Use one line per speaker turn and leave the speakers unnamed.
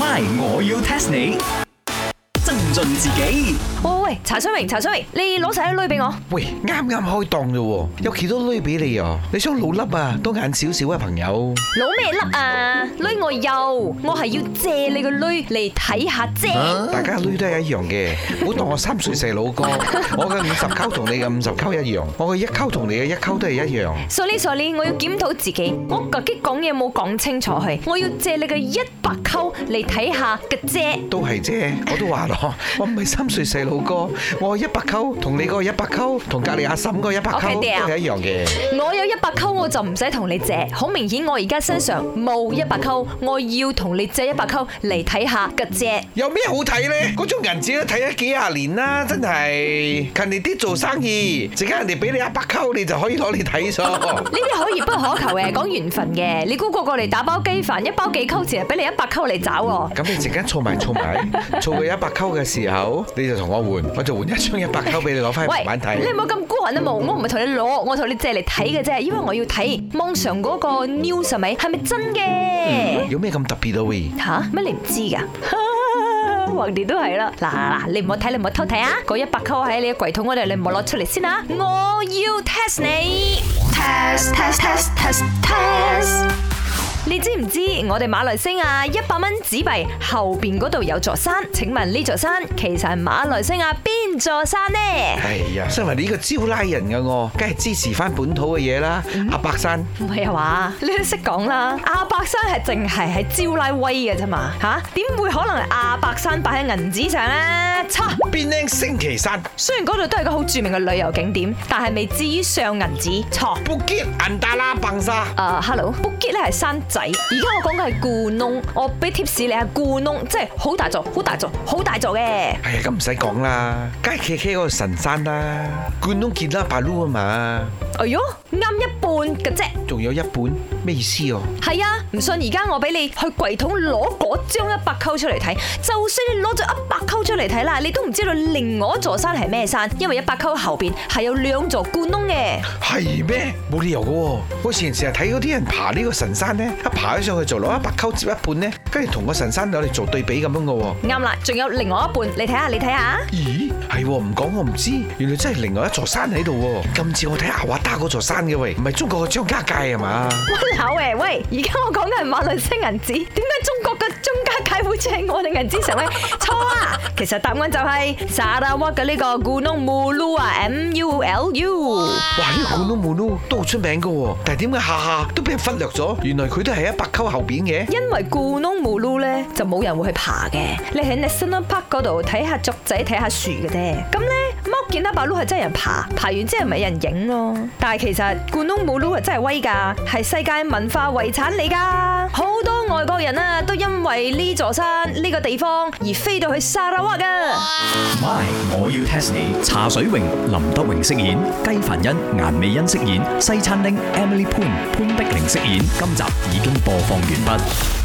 MY 我要 test 你，
增進自己。喂喂，查出明，查出明，你攞晒一堆俾我。
喂，啱啱開檔咋？有幾多堆俾你啊？你想老笠啊？多眼少少啊，朋友。
老咩笠啊？ 又，我係要借你個女嚟睇下啫。
大家女都係一樣嘅，唔好當我三歲細佬哥，我嘅五十溝同你嘅五十溝一樣，我嘅一溝同你嘅一溝都係一樣。
Sorry，Sorry，我要檢討自己，我今日講嘢冇講清楚，係我要借你嘅一百溝嚟睇下嘅啫。
都係啫，我都話咯，我唔係三歲細佬哥，我一百溝同你嗰個一百溝同隔籬阿嬸嗰個一百溝都係一樣嘅。
我有一百溝我就唔使同你借，好明顯我而家身上冇一百溝。我要同你借一百溝嚟睇下吉啫，看看姐姐
有咩好睇咧？嗰張銀紙都睇咗幾廿年啦，真係勤力啲做生意，陣間人哋俾你一百溝，你就可以攞嚟睇咗。呢
啲 可遇不可求嘅，講緣分嘅。你估個個嚟打包雞飯，一包幾溝錢，俾、嗯、你一百溝嚟找喎。
咁你陣間儲埋儲埋，儲到一百溝嘅時候，你就同我換，我就換一張一百溝俾你攞翻去慢慢
睇。人都冇，我唔係同你攞，我同你，你借嚟睇嘅啫，因為我要睇網上嗰個 news 係咪，係咪真嘅？
有咩咁特別 啊？喂，
吓乜你唔知噶？橫掂都係啦，嗱嗱，你唔好睇，你唔好偷睇啊！嗰一百箍喺你嘅櫃桶嗰度，你唔好攞出嚟先啊！我要 test 你。你知唔知我哋馬來西亞一百蚊紙幣後邊嗰度有座山？請問呢座山其實係馬來西亞邊座山呢？
係、哎、呀，身為你呢個招拉人嘅喎，梗係支持翻本土嘅嘢啦。阿伯
山唔係啊嘛，你都識講啦。阿伯山係淨係喺招拉威嘅啫嘛，吓，點會可能阿伯山擺喺銀紙上呢？差邊靚星期山？雖然嗰度都係個好著名嘅旅遊景點，但係未至於上銀紙錯。布吉銀達拉崩沙誒、uh，hello，布吉咧係山。仔，而家我講嘅係故弄，我俾貼士你啊，故弄即係好大座，好大座，好大座嘅。
哎呀，咁唔使講啦，梗係企茄嗰個神山啦，故弄揭啦白露啊嘛。
哎呦，啱一。嘅啫，
仲有一半咩意思哦？
係啊，唔、啊、信而家我俾你去櫃桶攞嗰張一百溝出嚟睇，就算你攞咗一百溝出嚟睇啦，你都唔知道另外一座山係咩山，因為一百溝後邊係有兩座冠窿
嘅。係咩？冇理由、啊、我嗰時成日睇嗰啲人爬呢個神山咧，一爬咗上去就攞一百溝接一半咧，跟住同個神山有嚟做對比咁樣嘅、啊。
啱啦，仲有另外一半，你睇下，你睇下、
啊。咦？係唔講我唔知，原來真係另外一座山喺度、啊。今次我睇阿華打嗰座山嘅喂，唔係中。個張家界係嘛？
溫口，誒，喂！而家我講嘅係馬來西亞銀紙。點解中國嘅張家界會借我哋銀紙成為錯啊？其實答案就係沙拉沃嘅呢個古隆穆魯啊，M U L U。L u
哇！呢、這個古隆穆魯都好出名嘅，但係點解下下都俾人忽略咗？原來佢都係一白溝後邊嘅。
因為古隆穆魯咧，就冇人會去爬嘅，你喺 national park 嗰度睇下竹仔，睇下樹嘅啫。咁咧。見得白鷗係真係人爬，爬完之後咪人影咯。但係其實 Gunung Mulu 係真係威㗎，係世界文化遺產嚟㗎。好多外國人啊，都因為呢座山，呢、呢個地方而飛到去砂拉越㗎。MY 我要 test 你。茶水榮、林德榮飾演，雞凡欣、顏美欣飾演，西餐廳 Emily Poon、潘碧玲飾演。今集已經播放完畢。